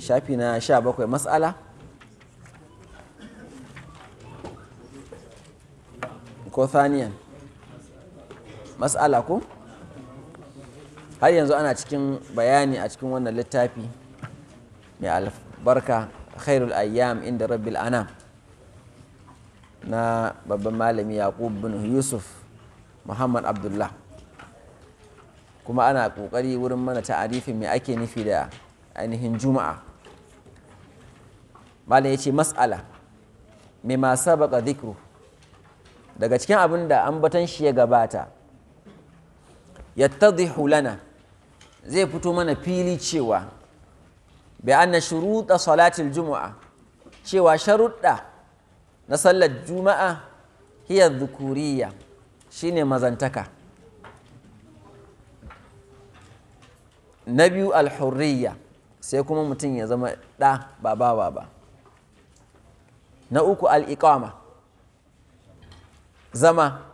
shafi na bakwai matsala ko thaniyan matsala ko har yanzu ana cikin bayani a cikin wannan littafi mai albarka khairul ayyam inda rabbil ana na babban malami yaqub bin yusuf muhammad abdullah kuma ana kokari wurin mana ta'arifin mai ake nufi da ainihin juma'a malam ya ce mas'ala mai masu baka zikru daga cikin abin da ambatan shi ya gabata ya yattadhihu hulana zai fito mana fili cewa bai an na shuruɗa salatil juma'a cewa sharuɗa na sallar juma'a hiya shi ne mazantaka na biyu alhurriya sai kuma mutum ya zama ɗa ba ba ba. na uku al'iƙama zama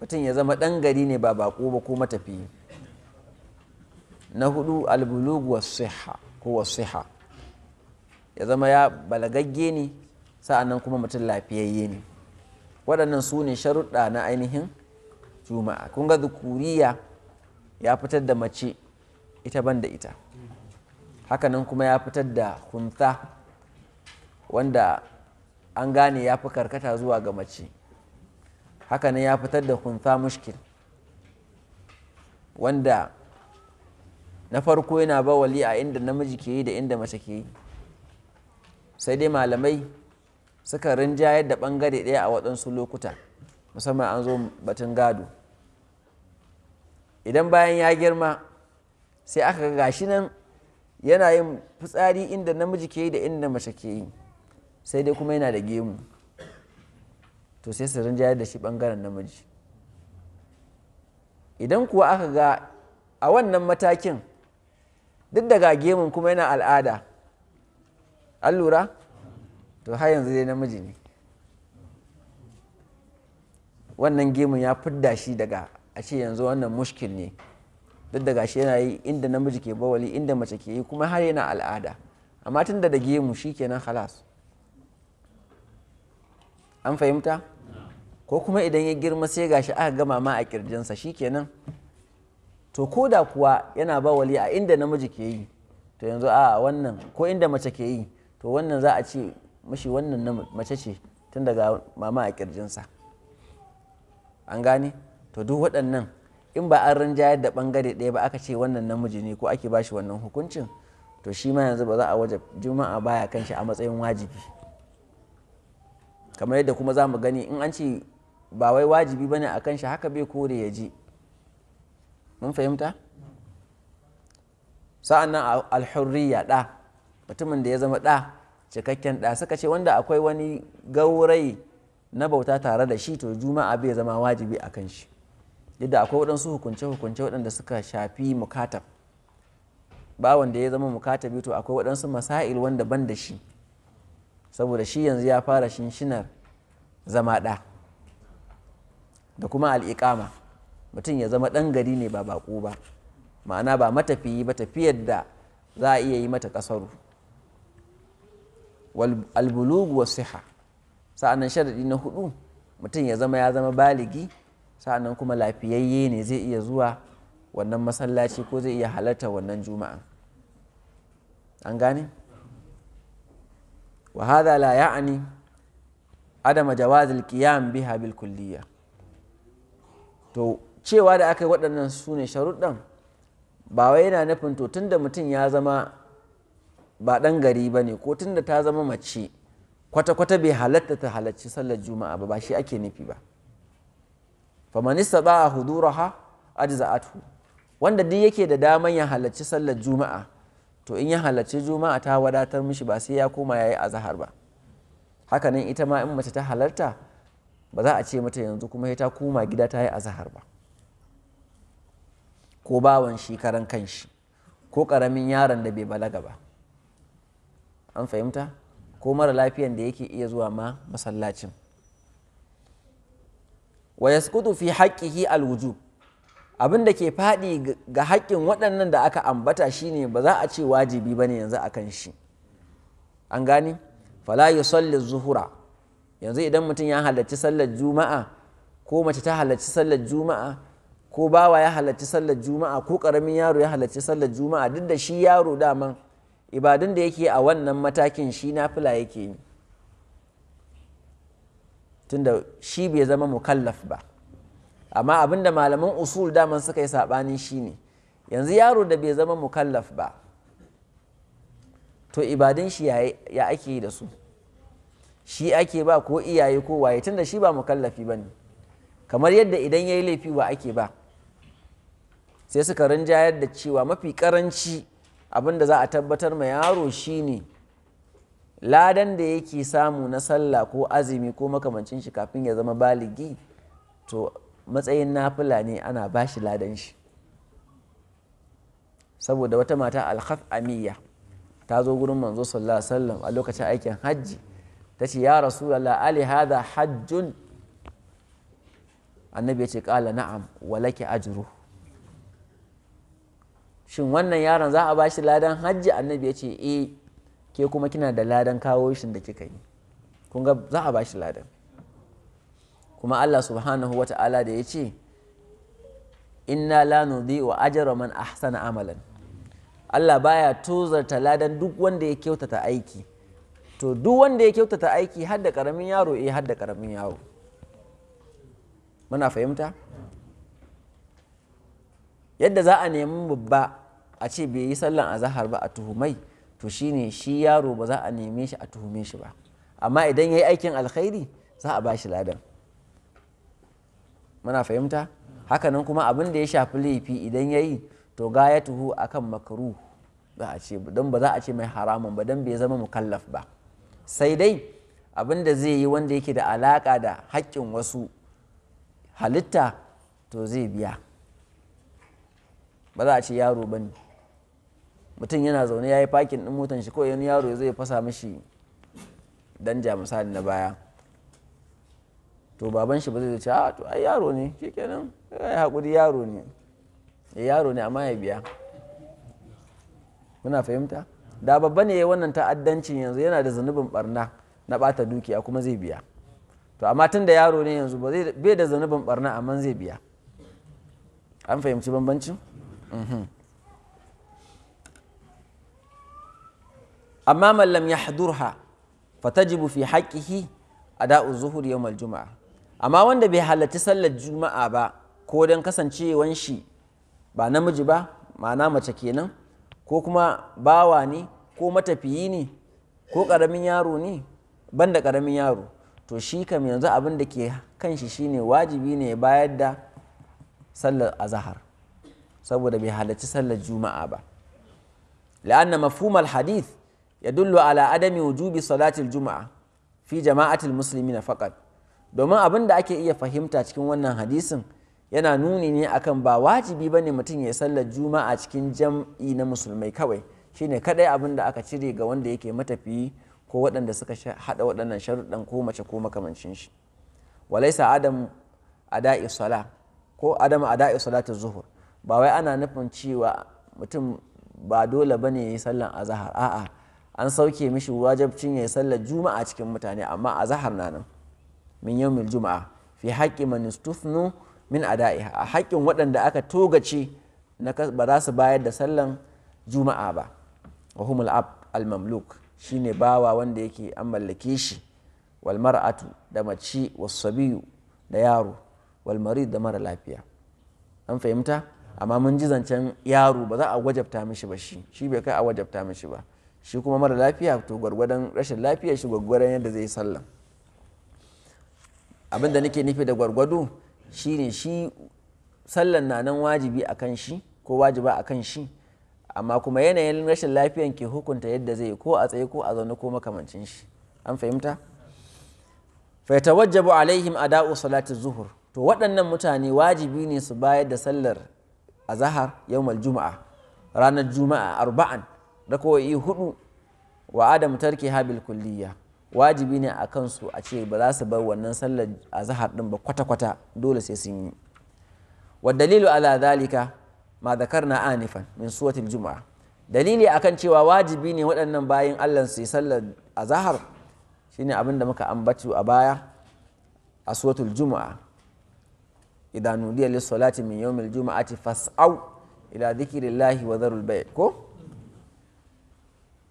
mutum ya zama ɗan gari ne ba baƙo ba ko matafi na hudu albulugu wa ko ya zama ya balagagge ne nan kuma mutum lafiyayye ne waɗannan su ne sharuɗa na ainihin juma'a kun ga zukuriya ya fitar da mace ita ban da ita hakanan kuma ya fitar da kunta wanda an gane ya fi karkata zuwa ga mace haka ya fitar da kunsa mushkil wanda na farko yana ba wali a inda namiji ke yi da inda mace ke yi sai dai malamai suka rinjayar da bangare ɗaya a waɗansu lokuta musamman an zo batun gado idan bayan ya girma sai aka gashi nan yana yin fitsari inda namiji ke yi da inda mace ke yi sai dai kuma yana da gemu to sai su rinjayar da shi bangaren namiji idan kuwa aka ga a wannan matakin duk daga gemun kuma yana al'ada an lura to har yanzu dai namiji ne wannan gemun ya fidda shi daga a ce yanzu wannan mushkil ne duk daga shi yana yi inda namiji ke bawali inda mace ke yi kuma har yana al'ada amma tun da da gemu shi kenan halas an fahimta ko kuma idan ya girma sai gashi aka gama ma a kirjinsa shikenan to ko da kuwa yana ba wali a inda namiji ke yi to yanzu a wannan ko inda mace ke yi to wannan za a ce mashi wannan mace ce tun daga mama a kirjinsa an gane to duk waɗannan in ba an rinjayar da ɓangare ɗaya ba aka ce wannan namiji ne ko ake bashi wannan hukuncin to shi ma yanzu ba za a waje juma'a baya kan shi a matsayin wajibi kamar yadda kuma za mu gani in an ce ba wai wajibi bane a kan shi haka bai kore ya ji mun fahimta sa'an nan alhurriya ɗa mutumin da ya zama ɗa cikakken ɗa suka ce wanda akwai wani gaurai na bauta tare da shi to juma'a bai zama wajibi a kan shi yadda akwai waɗansu hukunce-hukunce waɗanda suka shafi mukatab ba wanda ya zama mukatabi to akwai waɗansu masail wanda ban da shi saboda shi yanzu ya fara shinshinar zama ɗa da kuma al'iƙama mutum ya zama ɗan gari ne ba baƙo ba ma'ana ba matafiyi ba tafiyar da za a iya yi mata ƙasaru albulugu wa siha sa'annan sharaɗi na hudu mutum ya zama ya zama baligi sa'annan kuma lafiyayye ne zai iya zuwa wannan masallaci ko zai iya halarta wannan juma'a an gane? وهذا لا adama عدم جواز القيام بها بالكلية to cewa da aka yi waɗannan su ne sharuɗan ba wai yana nufin to tunda mutum ya zama ba ɗan gari ba ne ko tunda ta zama mace kwata-kwata bai halatta ta halarci sallar juma'a ba ba shi ake nufi ba famanista ba a huduraha ajza'athu wanda duk yake da daman ya halarci sallar juma'a to in ya halarci juma'a ta wadatar mishi ba sai ya koma ya yi azahar ba hakanan ita ma in mace ta halarta ba za a ce mata yanzu kuma ya ta koma gida ta yi azahar ba ko bawan shi karan kanshi ko karamin yaron da bai balaga ba an fahimta ko mara lafiyan da yake iya zuwa ma masallacin wa yasqutu fi haqqihi alwujub abin da ke faɗi ga haƙƙin waɗannan da aka ambata shine ba za a ce wajibi ba ne yanzu akan shi an gani fala yusalli zuhura yanzu idan mutum ya halarci sallar juma'a ko mace ta halarci sallar juma'a ko bawa ya halarci sallar juma'a ko ƙaramin yaro ya halarci sallar juma'a duk da shi yaro dama, ibadun da yake a wannan matakin shi fila yake yi tunda shi bai zama mukallaf ba amma abin da malaman usul dama suka yi saɓani shine yanzu yaro da bai zama mukallaf ba to ibadun shi ya ake yi da su shi ake ba ko iyaye ko waye tun da shi ba mukallafi ba ne kamar yadda idan ya yi laifi ba ake ba sai suka rinjayar da cewa mafi karanci abin da za a tabbatar ma yaro shine ladan da yake samu na sallah ko azumi ko makamancin shi kafin ya zama baligi to matsayin nafila ne ana ba shi ladan shi saboda wata mata alhaf amiya ta zo gurin manzo sallallahu alaihi wasallam a lokacin aikin hajji ta ce ya rasulallah ali hada hajjun annabi ya ce kala na'am walaki ajru shin wannan yaron za a ba shi ladan hajji annabi ya ce eh ke kuma kina da ladan kawo shi da kika yi kun ga za a ba shi ladan kuma Allah subhanahu wa ta'ala da ya ce inna la wa ajara man ahsana amalan Allah baya tozarta ladan duk wanda ya kyautata aiki to duk wanda ya kyautata aiki har da karamin yaro eh har da karamin yaro muna fahimta yadda za a nemi babba a ce bai yi sallan azahar ba a tuhumai to shine shi yaro ba za a neme shi a tuhume shi ba amma idan ya yi aikin alkhairi za a ba shi ladan muna fahimta hakanan kuma abin da ya shafi laifi idan ya yi to gaya akan makaru ba a ce don ba za a ce mai haramun ba don bai zama mukallaf ba sai dai abin da zai yi wanda yake da alaka da haƙƙin wasu halitta to zai biya ba za a ce yaro ba ne mutum yana zaune ya yi fakin ɗin motan shi ko wani yaro zai fasa mishi danja misali na baya to baban shi ba zai ce a ah, to ai yaro ne shikenan ai eh, hakuri yaro ne eh, yaro ne amma ya biya muna fahimta da babba ne ya wannan ta'addancin yanzu yana da zanubin barna na bata dukiya kuma zai biya to amma tun da yaro ne yanzu bai da zanubin barna amma zai biya an fahimci bambancin mhm. amma mallam ya hadurha fatajibu fi haƙihi a da'u zuhur yau juma'a amma wanda bai halarci sallar juma'a ba ko don kasancewan shi ba namiji ba ma'ana mace kenan ko kuma bawa ne ko matafiyi ne ko ƙaramin yaro ne banda ƙaramin yaro to shi kam yanzu abin da ke kan shi shine wajibi ne bayar da sallar azahar saboda bai halarci sallar juma'a ba la'anna mafhumal hadith ala adami wujubi وجوب juma'a juma'a jama'atul musulmi na faqat domin abin da ake iya fahimta cikin wannan hadisin yana nuni ne akan ba wajibi ba ne mutum ya sallar juma'a cikin jam'i na musulmai kawai shine kadai abin da aka cire ga wanda yake matafi ko waɗanda suka haɗa waɗannan sharuɗan ko mace ko makamancin shi walaisa adam ada'i sala ko adam ada'i salatu zuhur ba wai ana nufin cewa mutum ba dole bane yayi sallan azahar a'a an sauke mishi wajabcin yayi sallar juma'a cikin mutane amma azahar na nan min yawmil juma'a fi haƙƙi man istufnu min ada'iha a haƙƙin waɗanda aka togace na ba za su bayar da sallan juma'a ba wa humul ab al mamluk shine bawa wanda yake an mallake shi wal mar'atu da mace wasabiyu da yaro wal marid da mara lafiya an fahimta amma mun ji zancen yaro ba za a wajabta mishi ba shi shi bai kai a wajabta mishi ba shi kuma mara lafiya to gwargwadon rashin lafiya shi gwargwadon yadda zai sallan abin da nake nufi da gwargwado shine shi sallan na nan wajibi a kan shi ko wajiba a kan shi amma kuma yanayin rashin lafiyan ke hukunta yadda zai ko a tsaye ko a zaune ko makamancin shi an fahimta faitawajjabu alaihim a da'u Salatu zuhur to waɗannan mutane wajibi ne su bayar da sallar azahar yawmal juma'a ranar juma'a arba'an rako'i hudu wa adam tarki habil kulliya wajibi ne a kansu a ce ba za su bar wannan sallar azhar ɗin ba kwata-kwata dole sai sun yi wa dalilu ala zalika ma na anifan min suratul juma'a dalili akan cewa wajibi ne waɗannan bayan Allah su yi sallar azhar shine abin da muka ambatu a baya a suratul juma'a idan nudiya lis salati min yawmil juma'ati fas'au ila zikirillahi wa zarul bai ko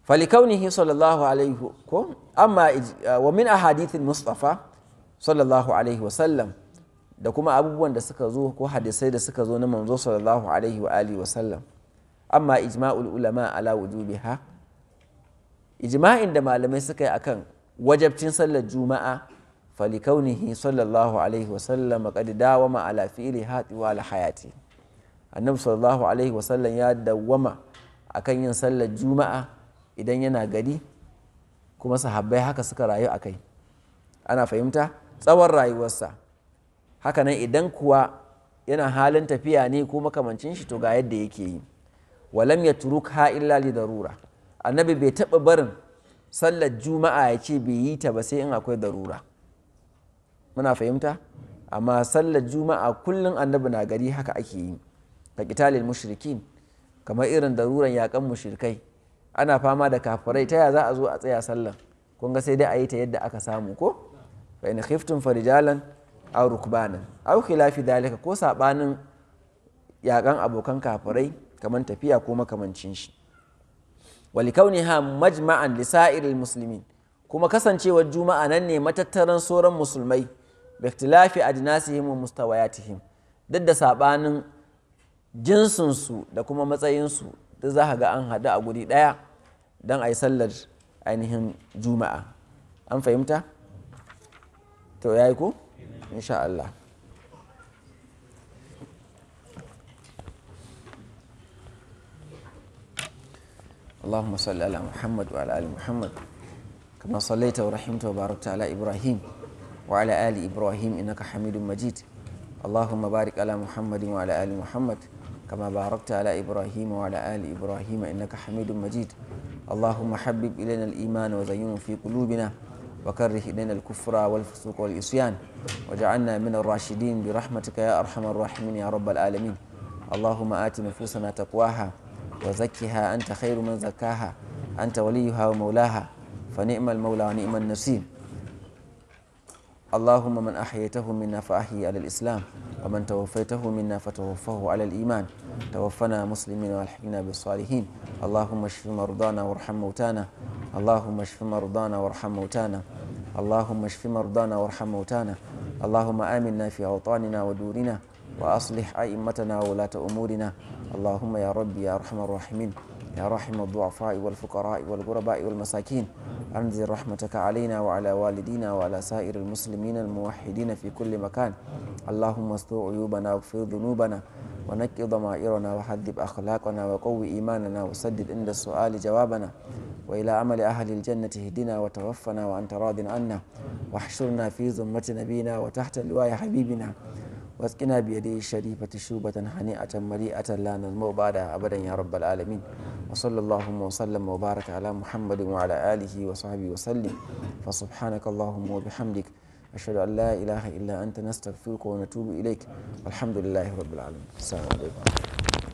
falikaunihi sallallahu alaihi ko amma wa min ahadithin mustafa sallallahu alaihi wasallam da kuma abubuwan da suka zo ko hadisai da suka zo na manzo sallallahu alaihi wa alihi wasallam amma ijma'ul ulama ala wujubiha ijma'in da malamai suka yi akan wajabcin sallar juma'a falikaunihi sallallahu alaihi wasallam qad dawama ala fi'li hati wa ala hayati annabi sallallahu alaihi wasallam ya dawwama akan yin sallar juma'a idan yana gari kuma sahabbai haka suka rayu a kai ana fahimta tsawon rayuwarsa hakanan idan kuwa yana halin tafiya ne ko makamancin shi to ga yadda yake yi walam ya turuk ha illa li darura annabi bai taɓa barin sallar juma'a ya ce bai yi ta ba sai in akwai darura muna fahimta amma sallar juma'a kullum annabi na gari haka ake yi ka kitalil mushrikin kamar irin daruran yakan mushrikai ana fama da kafirai ta za a zo a tsaya sallan kun ga sai dai a yi ta yadda aka samu ko fa in khiftum farijalan aw rukbanan aw khilafi dalika ko sabanin yakan abokan kafirai kaman tafiya ko makamancin shi walikauniha majma'an li sa'iril muslimin kuma kasancewar juma'a nan ne matattaran sauran musulmai bi ikhtilafi ajnasihim wa mustawayatihim duk da sabanin su da kuma matsayinsu duk za ga an haɗu a guri ɗaya don a yi sallar ainihin juma'a an fahimta to ya yi ko insha Allah اللهم صل على محمد وعلى ال محمد كما صليت ورحمت وباركت على ابراهيم وعلى ال ابراهيم انك حميد مجيد اللهم بارك على محمد وعلى ال محمد كما باركت على ابراهيم وعلى ال ابراهيم انك حميد مجيد اللهم حبب إلينا الإيمان وزينه في قلوبنا وكره إلينا الكفر والفسوق والعصيان وجعلنا من الراشدين برحمتك يا أرحم الراحمين يا رب العالمين اللهم آت نفوسنا تقواها وزكها أنت خير من زكاها أنت وليها ومولاها فنعم المولى ونعم النصير اللهم من أحييته منا فأحيي على الإسلام ومن توفيته منا فتوفه على الإيمان توفنا مسلمين والحقنا بالصالحين اللهم اشف مرضانا وارحم موتانا اللهم اشف مرضانا وارحم موتانا اللهم اشف مرضانا وارحم موتانا اللهم آمنا في أوطاننا ودورنا وأصلح أئمتنا وولاة أمورنا اللهم يا ربي يا أرحم الراحمين يا رحم الضعفاء والفقراء والغرباء والمساكين أنزل رحمتك علينا وعلى والدينا وعلى سائر المسلمين الموحدين في كل مكان اللهم استر عيوبنا واغفر ذنوبنا ونكي ضمائرنا وحذب أخلاقنا وقوي إيماننا وسدد عند السؤال جوابنا وإلى أمل أهل الجنة اهدنا وتوفنا وأنت راض عنا واحشرنا في ذمة نبينا وتحت لواء حبيبنا واسقنا بيده الشريفة شربة هنيئة مريئة لا نظمأ بعدها أبدا يا رب العالمين وصلى اللهم وسلم وبارك على محمد وعلى آله وصحبه وسلم فسبحانك اللهم وبحمدك أشهد أن لا إله إلا أنت نستغفرك ونتوب إليك والحمد لله رب العالمين السلام عليكم